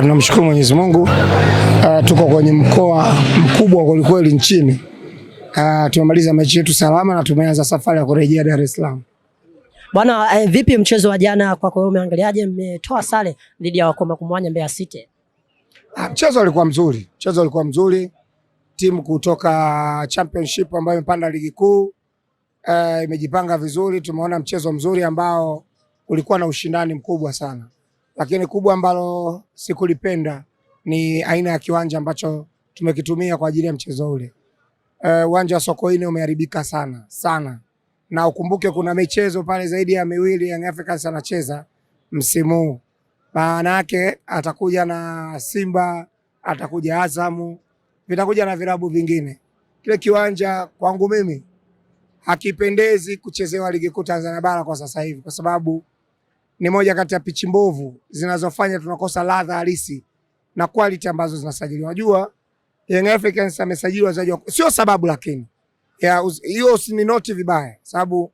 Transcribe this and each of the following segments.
Tunamshukuru Mwenyezi Mungu uh, tuko kwenye mkoa mkubwa kwelikweli nchini uh, tumemaliza mechi yetu salama na tumeanza safari ya kurejea Dar es Salaam. Bwana eh, vipi mchezo wa jana kwako wewe umeangaliaje? Mmetoa sare dhidi ya wakoma kumwanya Mbeya City. Uh, mchezo ulikuwa mzuri, mchezo ulikuwa mzuri, timu kutoka championship ambayo imepanda ligi kuu uh, imejipanga vizuri. Tumeona mchezo mzuri ambao ulikuwa na ushindani mkubwa sana lakini kubwa ambalo sikulipenda ni aina ya kiwanja ambacho tumekitumia kwa ajili ya mchezo ule. E, uwanja uh, wa Sokoine umeharibika sana sana, na ukumbuke kuna michezo pale zaidi ya miwili Young Africans anacheza msimu huu, maana yake atakuja na Simba, atakuja Azamu, vitakuja na vilabu vingine. Kile kiwanja kwangu mimi hakipendezi kuchezewa ligi kuu Tanzania bara kwa sasa hivi, kwa sababu ni moja kati ya pichi mbovu zinazofanya tunakosa ladha halisi na quality ambazo zinasajiliwa. Unajua Young Africans amesajiliwa zaidi wa... sio sababu, lakini hiyo ni noti vibaya, sababu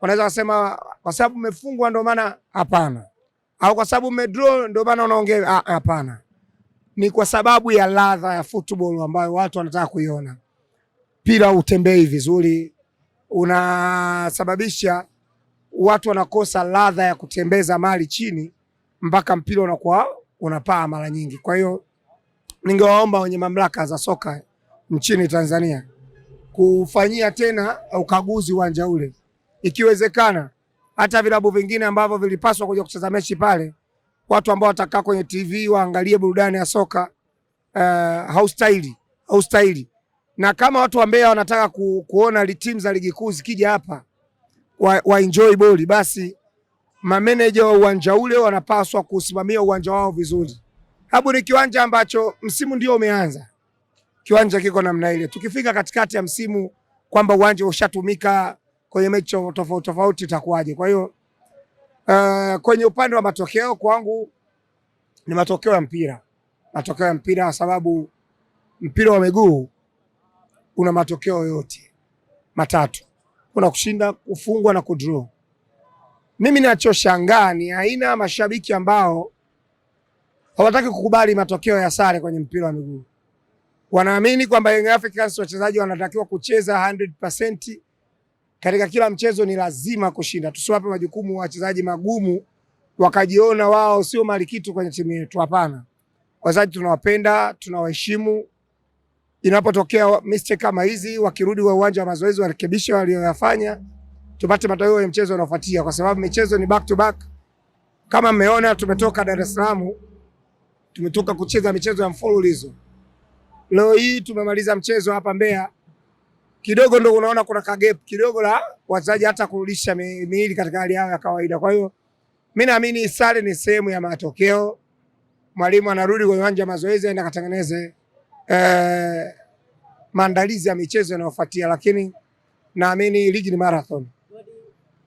wanaweza kusema kwa sababu mmefungwa ndio maana hapana, au kwa sababu mmedraw ndio maana unaongea ah, hapana. Ni kwa sababu ya ladha ya football ambayo watu wanataka kuiona. Pira utembei vizuri unasababisha watu wanakosa ladha ya kutembeza mali chini mpaka mpira unakuwa unapaa mara nyingi. Kwa hiyo ningewaomba wenye mamlaka za soka nchini Tanzania kufanyia tena ukaguzi uwanja ule, ikiwezekana hata vilabu vingine ambavyo vilipaswa kuja kucheza mechi pale, watu ambao watakaa kwenye TV waangalie burudani ya soka uh, eh, haustaili haustaili. Na kama watu wa Mbeya wanataka ku, kuona timu za ligi kuu zikija hapa wa, wa enjoy boli, basi mameneja wa uwanja ule wanapaswa kusimamia uwanja wao vizuri. Hapo ni kiwanja ambacho msimu ndio umeanza, kiwanja kiko namna ile. Tukifika katikati ya msimu kwamba uwanja ushatumika kwenye mechi tofauti tofauti, itakuwaje? Kwa hiyo uh, kwenye upande wa matokeo kwangu ni matokeo ya mpira, matokeo ya mpira, kwa sababu mpira wa miguu una matokeo yote matatu kuna kushinda kufungwa na kudraw. Mimi ninachoshangaa ni aina ya mashabiki ambao hawataki kukubali matokeo ya sare kwenye mpira wa miguu. Wanaamini kwamba Young Africans wachezaji wanatakiwa kucheza 100% katika kila mchezo, ni lazima kushinda. Tusiwape majukumu wachezaji magumu wakajiona wao sio malikitu kwenye timu yetu. Hapana, wachezaji tunawapenda, tunawaheshimu inapotokea mistake kama hizi, wakirudi wa uwanja wa mazoezi warekebishe walioyafanya, tupate matokeo ya mchezo unaofuatia, kwa sababu michezo ni back to back. Kama mmeona tumetoka Dar es Salaam, tumetoka kucheza michezo ya mfululizo. Leo hii tumemaliza mchezo hapa Mbeya, kidogo ndo unaona kuna kagep kidogo la wachezaji hata kurudisha miili katika hali yao ya kawaida. Kwa hiyo mimi naamini sare ni sehemu ya matokeo. Mwalimu anarudi kwenye uwanja wa mazoezi aende akatengeneze eh, maandalizi ya michezo yanayofuatia, lakini naamini ligi ni marathon.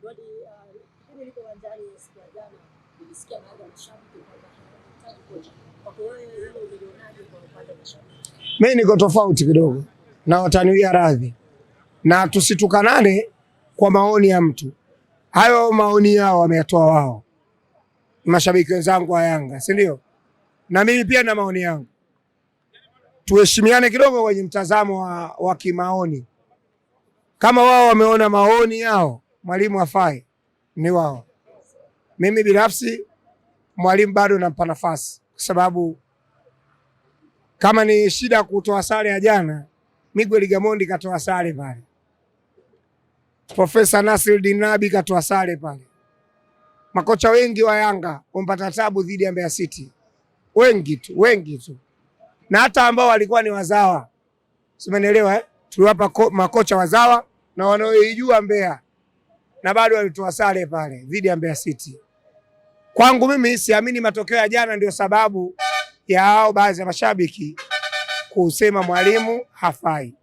Uh, mimi niko tofauti kidogo na wataniwia radhi, na tusitukanane kwa maoni ya mtu. Hayo maoni yao wameyatoa wao, mashabiki wenzangu wa Yanga, si ndio? Na mimi pia na maoni yangu tuheshimiane kidogo kwenye mtazamo wa, wa kimaoni. Kama wao wameona maoni yao mwalimu afai, ni wao. Mimi binafsi mwalimu bado nampa nafasi, kwa sababu kama ni shida kutoa sare ya jana, Miguel Gamondi katoa sare pale, Profesa Nasir Dinabi katoa sare pale. Makocha wengi wa Yanga wamepata tabu dhidi ya Mbeya City, wengi tu, wengi tu na hata ambao walikuwa ni wazawa, simenielewa eh? Tuliwapa makocha wazawa na wanaoijua Mbeya na bado walitoa sare pale dhidi ya Mbeya City. Kwangu mimi siamini matokeo ya jana ndio sababu ya hao baadhi ya mashabiki kusema mwalimu hafai.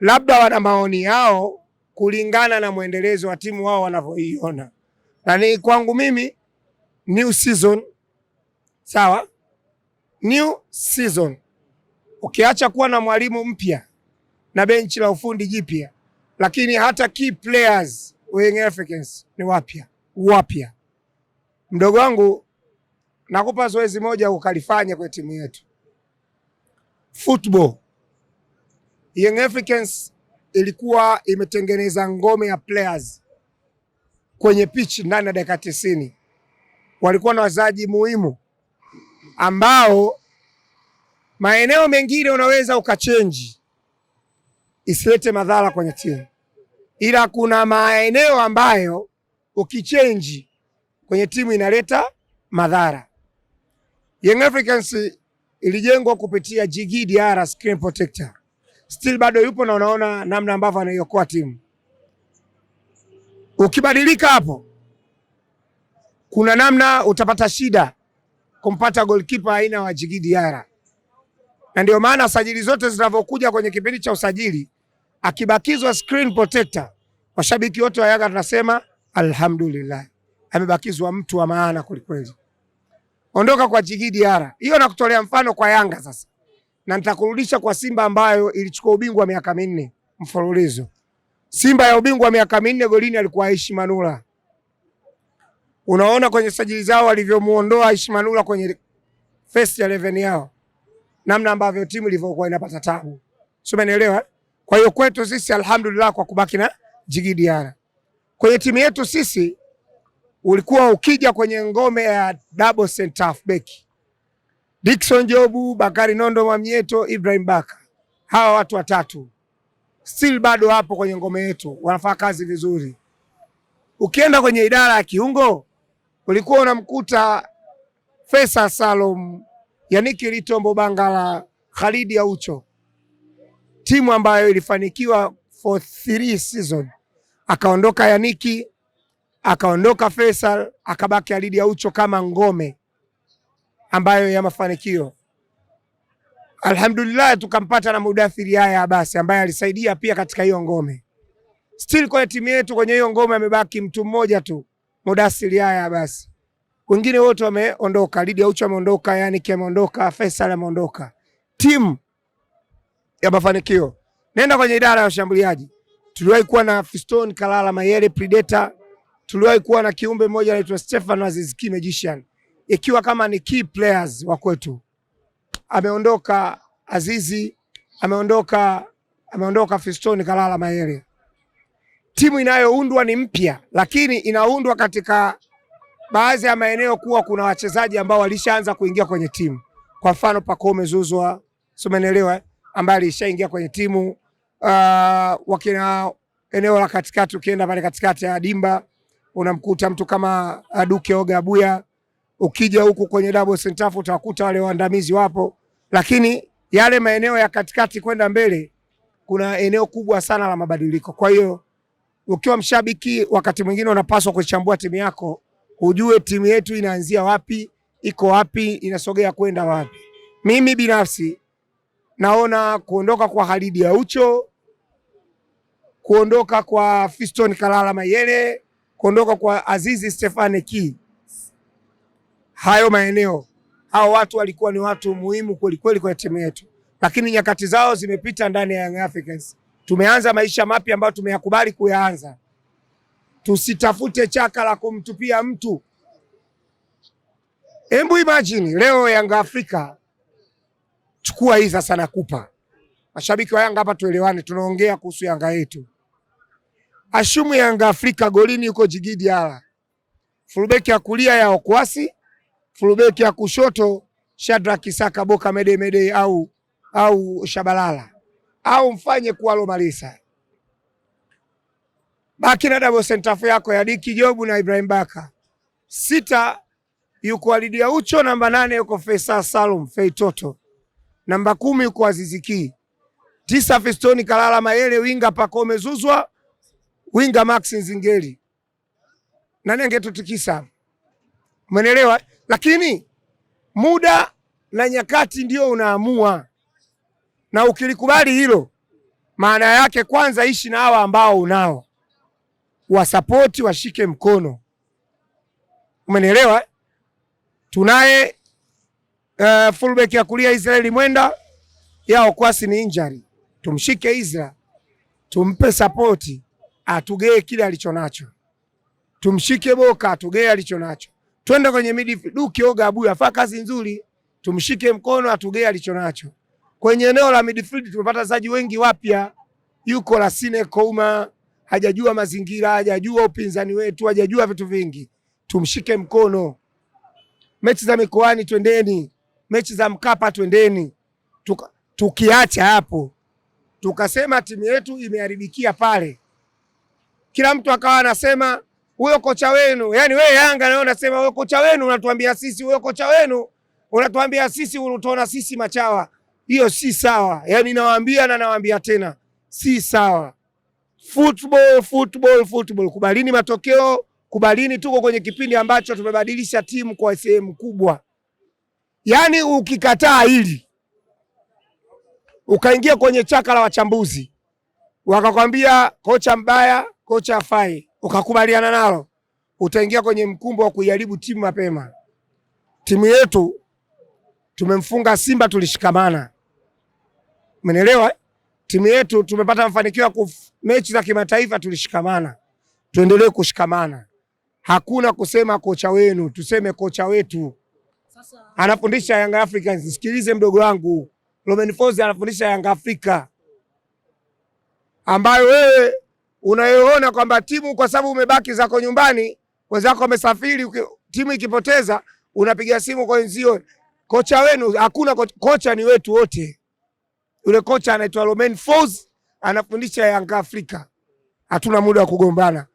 Labda wana maoni yao kulingana na mwendelezo wa timu wao wanavyoiona, na ni kwangu mimi new season, sawa, new season ukiacha kuwa na mwalimu mpya na benchi la ufundi jipya, lakini hata key players wenye Africans ni wapya wapya. Mdogo wangu, nakupa zoezi moja ukalifanya kwa timu yetu football. Young Africans ilikuwa imetengeneza ngome ya players kwenye pitch ndani ya dakika tisini. Walikuwa na wazaji muhimu ambao Maeneo mengine unaweza ukachenji isilete madhara kwenye timu, ila kuna maeneo ambayo ukichenji kwenye timu inaleta madhara. Young Africans ilijengwa kupitia Djigui Diarra screen protector, still bado yupo na unaona namna ambavyo anaiokoa timu. Ukibadilika hapo, kuna namna utapata shida kumpata goalkeeper aina wa Djigui Diarra na ndio maana sajili zote zinavyokuja kwenye kipindi cha usajili akibakizwa screen protector, washabiki wote wa Yanga tunasema alhamdulillah, amebakizwa mtu wa maana kulikweli. Ondoka kwa Jigidi Ara, hiyo nakutolea mfano kwa Yanga sasa, na nitakurudisha kwa Simba ambayo ilichukua ubingwa miaka minne mfululizo. Simba ya ubingwa miaka minne, golini alikuwa Aishi Manula. Unaona kwenye sajili zao walivyomuondoa Aishi Manula kwenye first 11 yao namna ambavyo timu ilivyokuwa inapata tabu, sio umeelewa? Kwa hiyo kwetu sisi alhamdulillah kwa kubaki na Djigui Diarra. Kwenye timu yetu sisi ulikuwa ukija kwenye ngome ya double center half back. Dickson Jobu, Bakari Nondo Mwamnyeto, Ibrahim Baka. Hawa watu watatu still bado hapo kwenye ngome yetu, wanafanya kazi vizuri. Ukienda kwenye idara ya kiungo ulikuwa unamkuta Fesa Salom ya Niki Litombo Bangala, Khalidi Aucho, timu ambayo ilifanikiwa for three season. Akaondoka Yaniki, akaondoka Faisal, akabaki Khalidi Aucho kama ngome ambayo ya mafanikio. Alhamdulillah, tukampata na Mudathiri haya Abasi ambaye alisaidia pia katika hiyo ngome. Still kwenye timu yetu, kwenye hiyo ngome amebaki mtu mmoja tu, Mudathiri haya Abasi wengine wote wameondoka, Lidia Ucho ameondoka, yani Yannick ameondoka, Faisal ameondoka. Timu ya mafanikio, nenda kwenye idara ya washambuliaji. Tuliwahi kuwa na Fiston Kalala Mayele Predator, tuliwahi kuwa na kiumbe mmoja anaitwa Stefan Azizki Magician, ikiwa kama ni key players wa kwetu. Ameondoka Azizi, ameondoka ameondoka Fiston Kalala Mayele. Timu inayoundwa ni mpya, lakini inaundwa katika baadhi ya maeneo kuwa kuna wachezaji ambao walishaanza kuingia kwenye timu. Kwa mfano Pacome Zouzoua, umeelewa, eh? ambaye alishaingia kwenye timu uh, wakina eneo la katikati, ukienda pale katikati ya Dimba unamkuta mtu kama Aduke Oga Abuya. Ukija huku kwenye double center utakuta wale waandamizi wapo, lakini yale maeneo ya katikati kwenda mbele kuna eneo kubwa sana la mabadiliko. Kwa hiyo ukiwa mshabiki, wakati mwingine unapaswa kuchambua timu yako ujue timu yetu inaanzia wapi, iko wapi, inasogea kwenda wapi. Mimi binafsi naona kuondoka kwa Halidi Aucho, kuondoka kwa Fiston Kalala Mayele, kuondoka kwa Azizi Stefane Ki, hayo maeneo, hao watu walikuwa ni watu muhimu kweli kweli kwa timu yetu, lakini nyakati zao zimepita ndani ya Young Africans. Tumeanza maisha mapya ambayo tumeyakubali kuyaanza. Tusitafute chaka la kumtupia mtu. Hebu imagine leo Yanga Afrika, chukua hii sasa, nakupa mashabiki wa Yanga hapa, tuelewane, tunaongea kuhusu Yanga yetu. Ashumu Yanga Afrika, golini yuko Jigidi Ala, fulubeki ya kulia ya Okwasi, fulubeki ya kushoto Shadrack Kisaka Boka Mede Mede au, au Shabalala au mfanye kuwa Lomalisa Baki na double center yako ya Diki Jobu na Ibrahim Baka. Sita yuko Alidia Ucho, namba nane yuko Faisal Salum Fei Toto. Namba kumi yuko Aziziki. Tisa Fistoni Kalala Mayele winga Pakome Zuzwa, winga Max Nzingeli. Nani angetutikisa? Umeelewa? Lakini muda na nyakati ndio unaamua. Na ukilikubali hilo, maana yake kwanza ishi na hawa ambao unao wasapoti, washike mkono, umenielewa? Tunaye uh, fullback ya kulia Israeli Mwenda, yao kwasi ni injury. Tumshike Isra, tumpe sapoti, atugee kile alicho nacho, tumshike Boka atugee alicho nacho, twende kwenye midfield. Duke Oga Abuya afa kazi nzuri, tumshike mkono, atugee alicho nacho kwenye eneo la midfield. Tumepata wachezaji wengi wapya, yuko la Sine Kouma hajajua mazingira, hajajua upinzani wetu, hajajua vitu vingi. Tumshike mkono. Mechi za mikoani twendeni, mechi za Mkapa twendeni. Tuka, tukiacha hapo tukasema timu yetu imeharibikia pale, kila mtu akawa anasema huyo kocha wenu, yani wewe Yanga nawe unasema huyo kocha wenu unatuambia sisi, huyo kocha wenu unatuambia sisi, unatuona sisi machawa. Hiyo si sawa, yani nawaambia na nawaambia tena, si sawa. Football, football, football. Kubalini matokeo, kubalini tuko kwenye kipindi ambacho tumebadilisha timu kwa sehemu kubwa. Yaani ukikataa hili ukaingia kwenye chaka la wachambuzi wakakwambia kocha mbaya, kocha fai ukakubaliana nalo, utaingia kwenye mkumbo wa kuiharibu timu mapema. Timu yetu tumemfunga Simba, tulishikamana, umeelewa? timu yetu tumepata mafanikio ya mechi za kimataifa, tulishikamana. Tuendelee kushikamana, hakuna kusema kocha wenu, tuseme kocha wetu anafundisha Young Africans. Sikilize mdogo wangu Romain anafundisha Young Africa ambayo wewe unayoona kwamba timu kwa sababu umebaki zako nyumbani, wenzako wamesafiri, timu ikipoteza unapiga simu kwa wenzio, kocha wenu. Hakuna kocha, kocha ni wetu wote. Yule kocha anaitwa Romain Folz anafundisha Yanga Afrika. Hatuna muda wa kugombana.